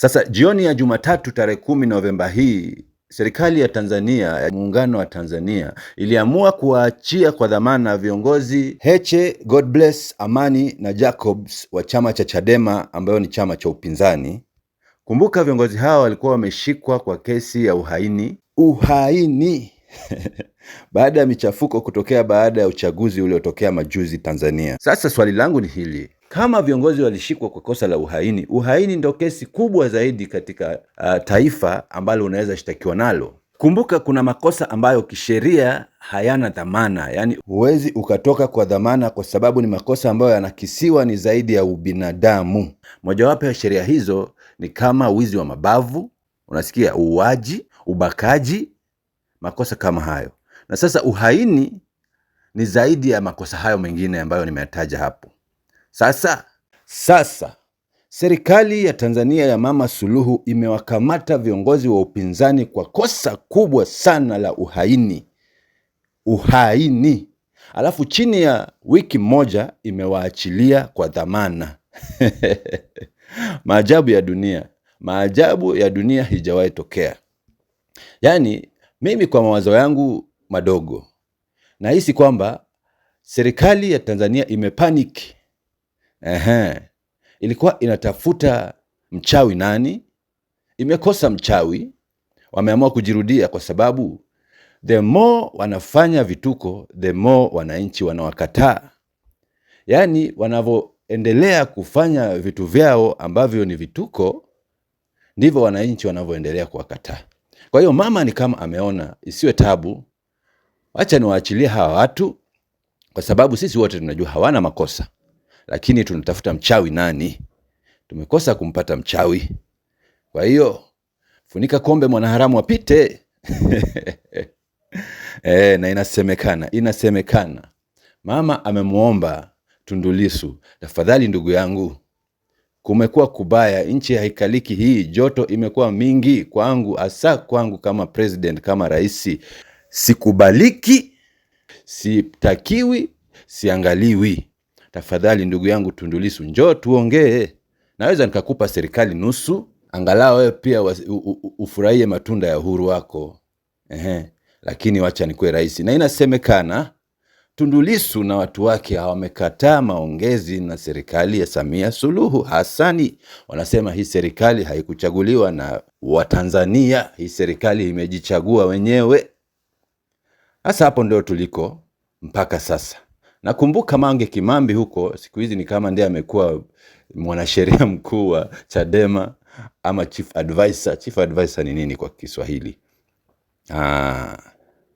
Sasa jioni ya Jumatatu tarehe kumi Novemba hii serikali ya Tanzania ya muungano wa Tanzania iliamua kuwaachia kwa dhamana viongozi Heche, Godbless Amani na Jacobs wa chama cha Chadema ambayo ni chama cha upinzani. Kumbuka viongozi hawa walikuwa wameshikwa kwa kesi ya uhaini, uhaini baada ya michafuko kutokea baada ya uchaguzi uliotokea majuzi Tanzania. Sasa swali langu ni hili: kama viongozi walishikwa kwa kosa la uhaini, uhaini ndo kesi kubwa zaidi katika uh, taifa ambalo unaweza shtakiwa nalo. Kumbuka kuna makosa ambayo kisheria hayana dhamana, yaani huwezi ukatoka kwa dhamana kwa sababu ni makosa ambayo yanakisiwa ni zaidi ya ubinadamu. Mojawapo ya sheria hizo ni kama wizi wa mabavu, unasikia, uuaji, ubakaji, makosa kama hayo. Na sasa uhaini ni zaidi ya makosa hayo mengine ambayo nimeyataja hapo. Sasa sasa serikali ya Tanzania ya Mama Suluhu imewakamata viongozi wa upinzani kwa kosa kubwa sana la uhaini. Uhaini, alafu chini ya wiki moja imewaachilia kwa dhamana. Maajabu ya dunia, maajabu ya dunia hijawahi tokea. Yaani mimi kwa mawazo yangu madogo nahisi kwamba serikali ya Tanzania imepaniki Ehe. Ilikuwa inatafuta mchawi nani, imekosa mchawi, wameamua kujirudia kwa sababu the more wanafanya vituko, the more wananchi wanawakataa. Yaani wanavyoendelea kufanya vitu vyao ambavyo ni vituko, ndivyo wananchi wanavyoendelea kuwakataa. Kwa hiyo mama ni kama ameona isiwe tabu, wacha niwaachilie hawa watu, kwa sababu sisi wote tunajua hawana makosa lakini tunatafuta mchawi nani? Tumekosa kumpata mchawi. Kwa hiyo funika kombe, mwanaharamu apite. E, na inasemekana inasemekana mama amemwomba Tundu Lissu, tafadhali ndugu yangu, kumekuwa kubaya, nchi haikaliki hii, joto imekuwa mingi kwangu, hasa kwangu kama president, kama rais. Sikubaliki, sitakiwi, siangaliwi tafadhali ndugu yangu Tundu Lissu, njoo tuongee, naweza nikakupa serikali nusu, angalau wewe pia ufurahie matunda ya uhuru wako. Ehe, lakini wacha nikuwe rais. Na inasemekana Tundu Lissu na watu wake hawamekataa maongezi na serikali ya Samia Suluhu Hassani. Wanasema hii serikali haikuchaguliwa na Watanzania, hii serikali imejichagua wenyewe. Sasa hapo ndio tuliko mpaka sasa. Nakumbuka Mange Kimambi huko, siku hizi ni kama ndiye amekuwa mwanasheria mkuu wa Chadema ama chief advisor. Chief advisor ni nini kwa Kiswahili? Ah,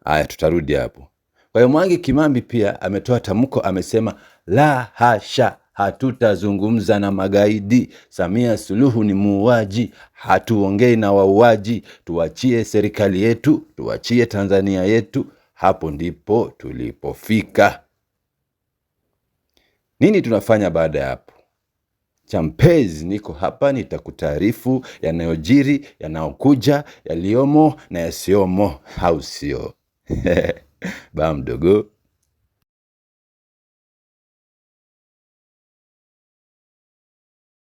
aya, tutarudi hapo. Kwa hiyo Mange Kimambi pia ametoa tamko, amesema la hasha, hatutazungumza na magaidi. Samia Suluhu ni muuaji, hatuongei na wauaji. Tuachie serikali yetu, tuachie Tanzania yetu. Hapo ndipo tulipofika. Nini tunafanya baada ya hapo? champez niko hapa, nitakutaarifu yanayojiri, yanayokuja, yaliyomo na yasiyomo, au sio? Baa mdogo.